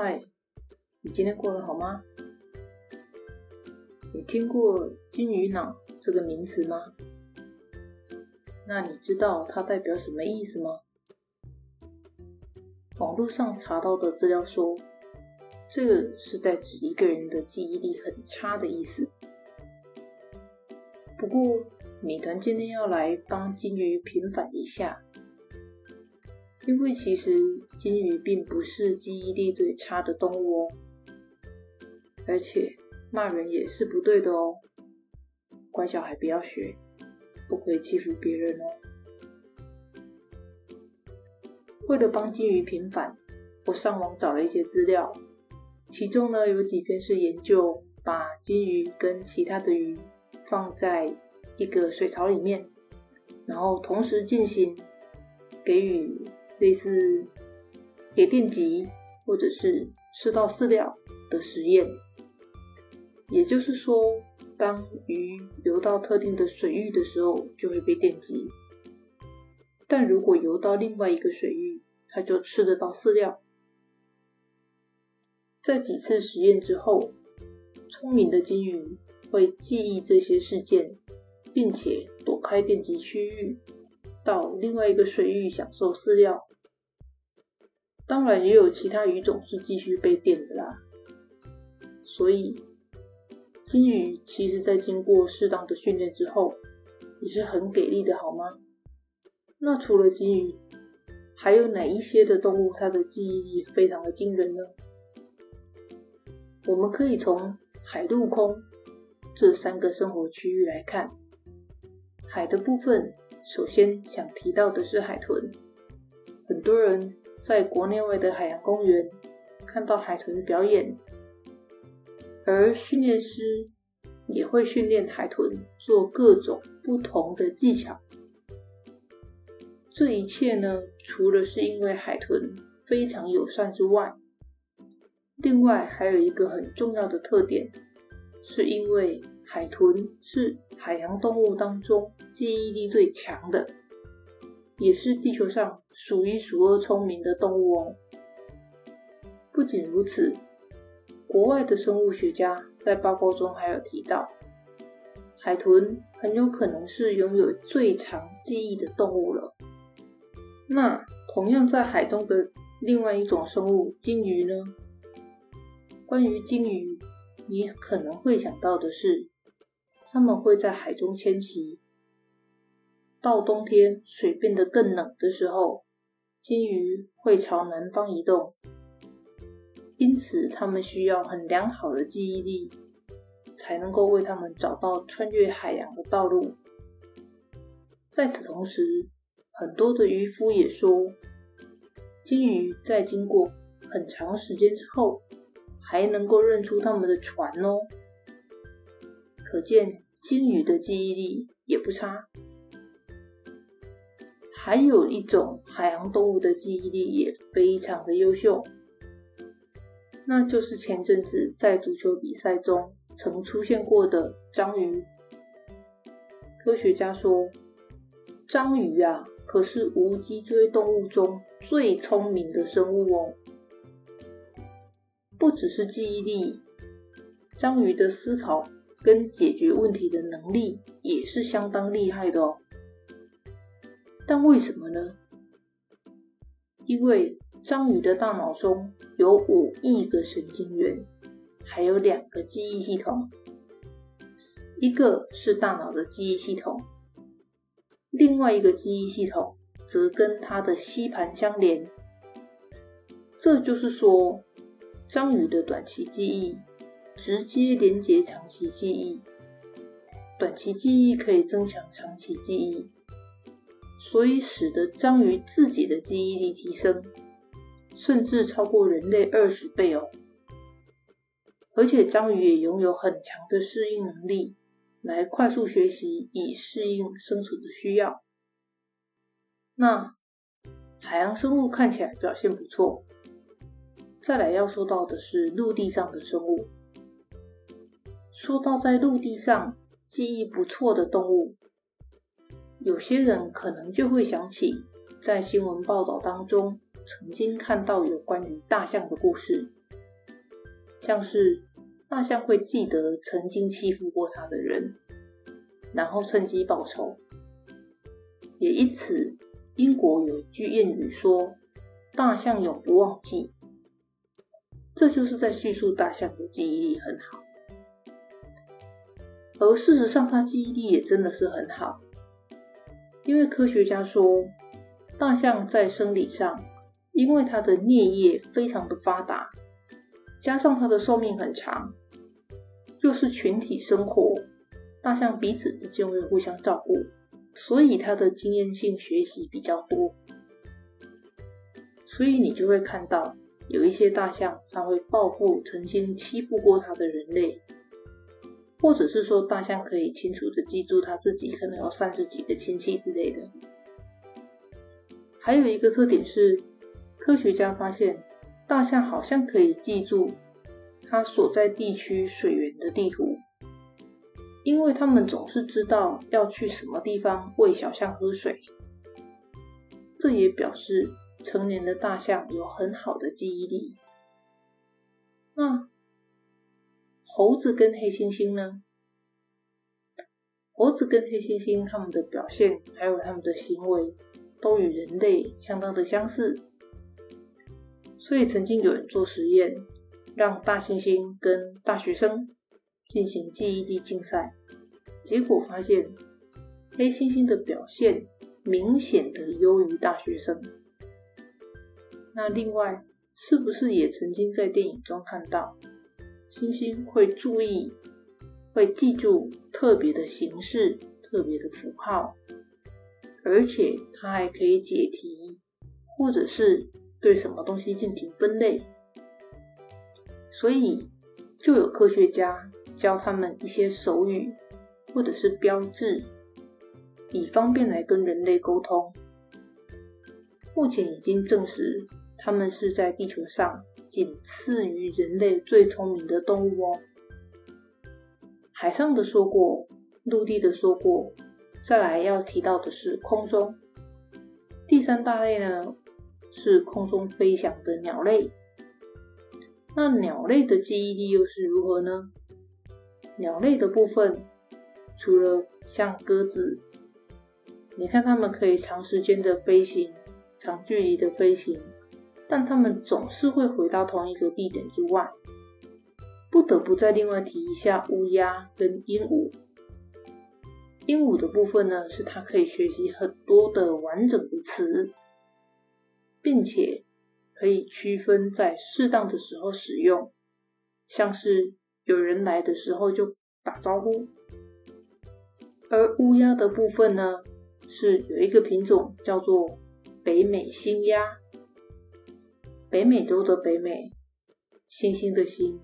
嗨，你今天過得好嗎？你聽過“金魚腦”這個名詞嗎？那你知道它代表什麼意思嗎？網絡上查到的資料說，這是在指一個人的記憶力很差的意思。不過，美團今天要來幫金魚平反一下。因為其實金魚並不是記憶力最差的動物哦，而且罵人也是不對的哦。乖小孩不要學，不可以欺負別人哦。為了幫金魚平反，我上網找了一些資料，其中呢有幾篇是研究把金魚跟其他的魚放在一個水槽裡面，然後同時進行給予。類似給電擊，或者是吃到飼料的實驗，也就是說，當魚游到特定的水域的時候，就會被電擊；但如果游到另外一個水域，它就吃得到飼料。在幾次實驗之後，聰明的金魚會記憶這些事件，並且躲開電擊區域，到另外一個水域享受飼料。當然也有其他魚種是繼續被電的啦，所以金魚其實在經過適當的訓練之後，也是很給力的，好嗎？那除了金魚，還有哪一些的動物它的記憶力非常的驚人呢？我們可以從海陸空這三個生活區域來看。海的部分，首先想提到的是海豚，很多人。在國內外的海洋公園看到海豚的表演，而訓練師也會訓練海豚做各種不同的技巧。這一切呢，除了是因為海豚非常友善之外，另外還有一個很重要的特點，是因為海豚是海洋動物當中記憶力最強的，也是地球上。數一數二聰明的動物哦。不僅如此，國外的生物學家在報告中還有提到，海豚很有可能是擁有最長記憶的動物了。那同樣在海中的另外一種生物——鯨魚呢？關於鯨魚，你可能會想到的是，它們會在海中遷徙，到冬天水變得更冷的時候。鯨魚會朝南方移動，因此它們需要很良好的記憶力，才能夠為它們找到穿越海洋的道路。在此同時，很多的漁夫也說，鯨魚在經過很長時間之後，還能夠認出他們的船哦。可見鯨魚的記憶力也不差。還有一種海洋動物的記憶力也非常的優秀，那就是前陣子在足球比賽中曾出現過的章魚。科學家說，章魚啊，可是無脊椎動物中最聰明的生物哦。不只是記憶力，章魚的思考跟解決問題的能力也是相當厲害的哦。但為什麼呢？因為章魚的大腦中有五億個神經元，還有兩個記憶系統，一個是大腦的記憶系統，另外一個記憶系統則跟它的吸盤相連。這就是說，章魚的短期記憶直接連接長期記憶，短期記憶可以增強長期記憶。所以使得章魚自己的記憶力提升，甚至超過人類二十倍哦。而且章魚也擁有很強的適應能力，來快速學習以適應生存的需要。那海洋生物看起來表現不錯，再來要說到的是陸地上的生物。說到在陸地上記憶不錯的動物。有些人可能就會想起，在新聞報道當中曾經看到有關於大象的故事，像是大象會記得曾經欺負過它的人，然後趁機報仇。也因此，英國有一句諺語說：“大象永不忘記。”這就是在敘述大象的記憶力很好。而事實上，它記憶力也真的是很好。因為科學家說，大象在生理上，因為它的顳葉非常的發達，加上它的壽命很長，又、就是群體生活，大象彼此之間會互相照顧，所以它的經驗性學習比較多。所以你就會看到，有一些大象它會報復曾經欺負過它的人類。或者是說，大象可以清楚的記住他自己可能有三十幾個親戚之類的。還有一個特點是，科學家發現，大象好像可以記住它所在地區水源的地圖，因為他們總是知道要去什麼地方餵小象喝水。這也表示成年的大象有很好的記憶力。那。猴子跟黑猩猩呢？猴子跟黑猩猩他們的表現，還有他們的行為，都與人類相當的相似。所以曾經有人做實驗，讓大猩猩跟大學生進行記憶力競賽，結果發現黑猩猩的表現明顯的優於大學生。那另外，是不是也曾經在電影中看到？猩猩會注意，會記住特別的形式、特別的符號，而且它還可以解題，或者是對什麼東西進行分類。所以，就有科學家教他們一些手語或者是標誌，以方便來跟人類溝通。目前已經證實。它們是在地球上僅次於人類最聰明的動物哦。海上的說過，陸地的說過，再來要提到的是空中。第三大類呢，是空中飛翔的鳥類。那鳥類的記憶力又是如何呢？鳥類的部分，除了像鴿子，你看它們可以長時間的飛行，長距離的飛行。但牠們總是會回到同一個地點之外，不得不再另外提一下烏鴉跟鸚鵡。鸚鵡的部分呢，是它可以學習很多的完整的詞，並且可以區分在適當的時候使用，像是有人來的時候就打招呼。而烏鴉的部分呢，是有一個品種叫做北美星鴉。北美洲的北美，星星的星。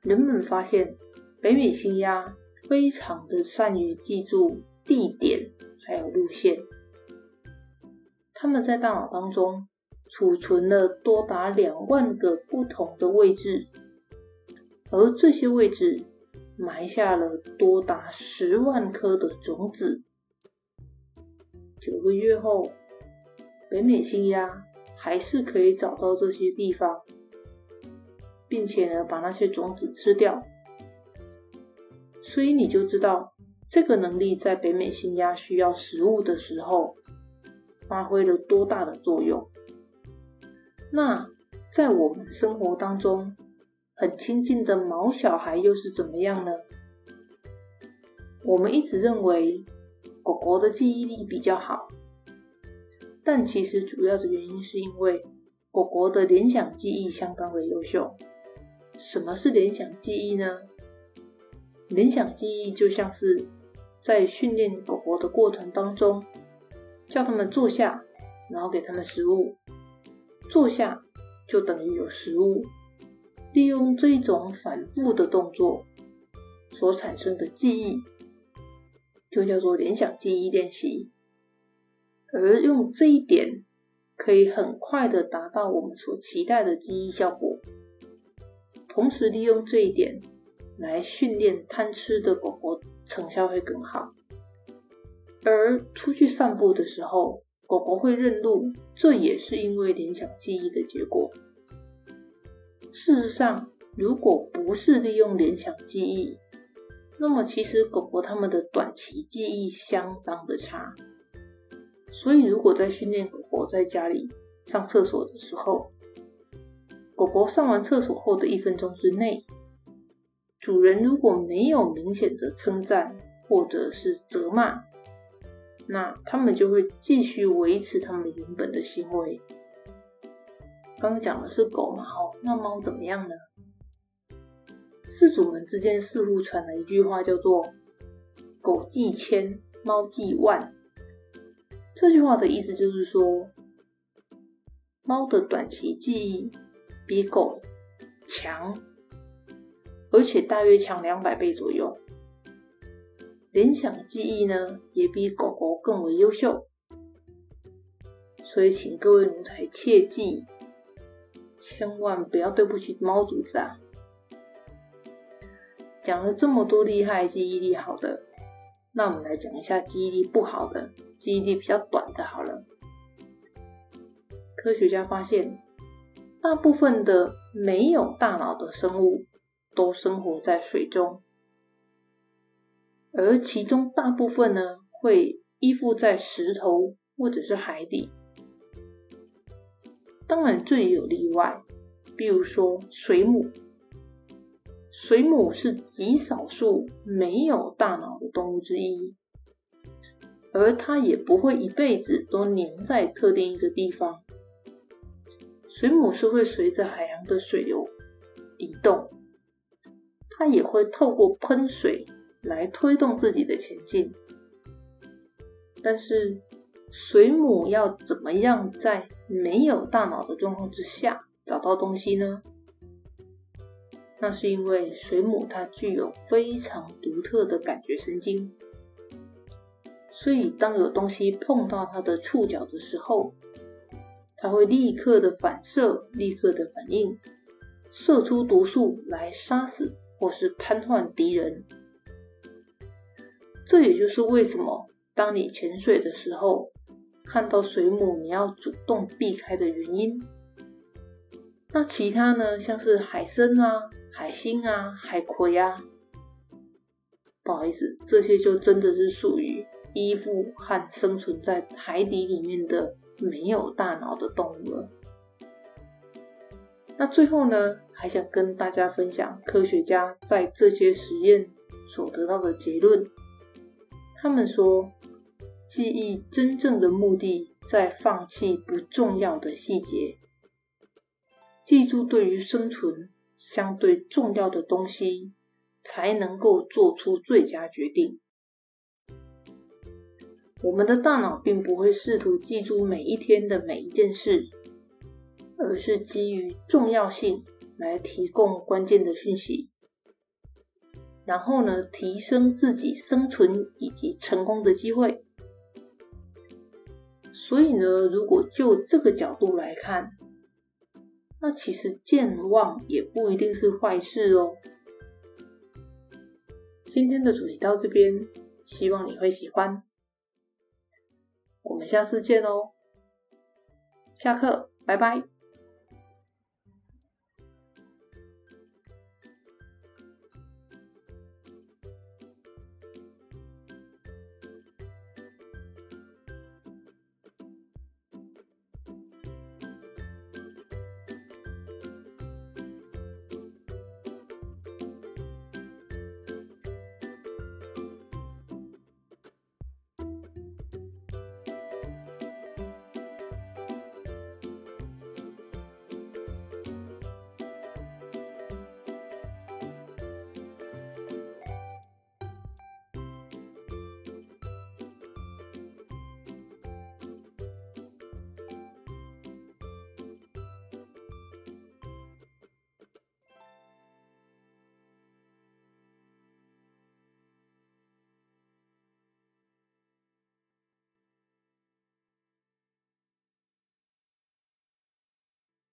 人們發現，北美星鴉非常的善於記住地點還有路線。他們在大腦當中儲存了多達兩萬個不同的位置，而這些位置埋下了多達十萬顆的種子。九個月後，北美星鴉。還是可以找到這些地方，並且呢，把那些種子吃掉。所以你就知道這個能力在北美星鴉需要食物的時候發揮了多大的作用。那在我們生活當中很親近的毛小孩又是怎麼樣呢？我們一直認為狗狗的記憶力比較好。但其實主要的原因是因為狗狗的聯想記憶相當的優秀。什麼是聯想記憶呢？聯想記憶就像是在訓練狗狗的過程當中，叫它們坐下，然後給它們食物，坐下就等於有食物。利用這種反復的動作所產生的記憶，就叫做聯想記憶練習。而用這一點，可以很快的達到我們所期待的記憶效果。同時利用這一點來訓練貪吃的狗狗，成效會更好。而出去散步的時候，狗狗會認路，這也是因為聯想記憶的結果。事實上，如果不是利用聯想記憶，那麼其實狗狗它們的短期記憶相當的差。所以，如果在訓練狗狗在家裡上廁所的時候，狗狗上完廁所後的一分鐘之內，主人如果沒有明顯的稱讚或者是責罵，那它們就會繼續維持它們原本的行為。剛剛講的是狗嘛，好，那貓怎麼樣呢？飼主們之間似乎傳了一句話，叫做“狗記千，貓記萬”。這句話的意思就是說，貓的短期記憶比狗強，而且大約強兩百倍左右。聯想記憶呢，也比狗狗更為優秀。所以，請各位奴才切記，千萬不要對不起貓主子啊！講了這麼多，厲害記憶力好的。那我們來講一下記憶力不好的、記憶力比較短的好了。科學家發現，大部分的沒有大腦的生物都生活在水中，而其中大部分呢，會依附在石頭或者是海底。當然，這也有例外，比如說水母。水母是極少數沒有大腦的動物之一，而它也不會一輩子都黏在特定一個地方。水母是會隨着海洋的水流移動，它也會透過噴水來推動自己的前進。但是，水母要怎麼樣在沒有大腦的狀況之下找到東西呢？那是因為水母它具有非常獨特的感覺神經，所以當有東西碰到它的觸角的時候，它會立刻的反射，立刻的反應，射出毒素來殺死或是癱瘓敵人。這也就是為什麼當你潛水的時候看到水母，你要主動避開的原因。那其他呢，像是海參啊。海星啊，海葵啊，不好意思，這些就真的是屬於依附和生存在海底裡面的沒有大腦的動物了。那最後呢，還想跟大家分享科學家在這些實驗所得到的結論。他們說，記憶真正的目的在放棄不重要的細節，記住對於生存，相對重要的東西，才能夠做出最佳決定。我們的大腦並不會試圖記住每一天的每一件事，而是基於重要性來提供關鍵的訊息，然後呢，提升自己生存以及成功的機會。所以呢，如果就這個角度來看，那其實健忘也不一定是壞事哦。今天的主題到這邊，希望你會喜歡。我們下次見哦！下課，拜拜。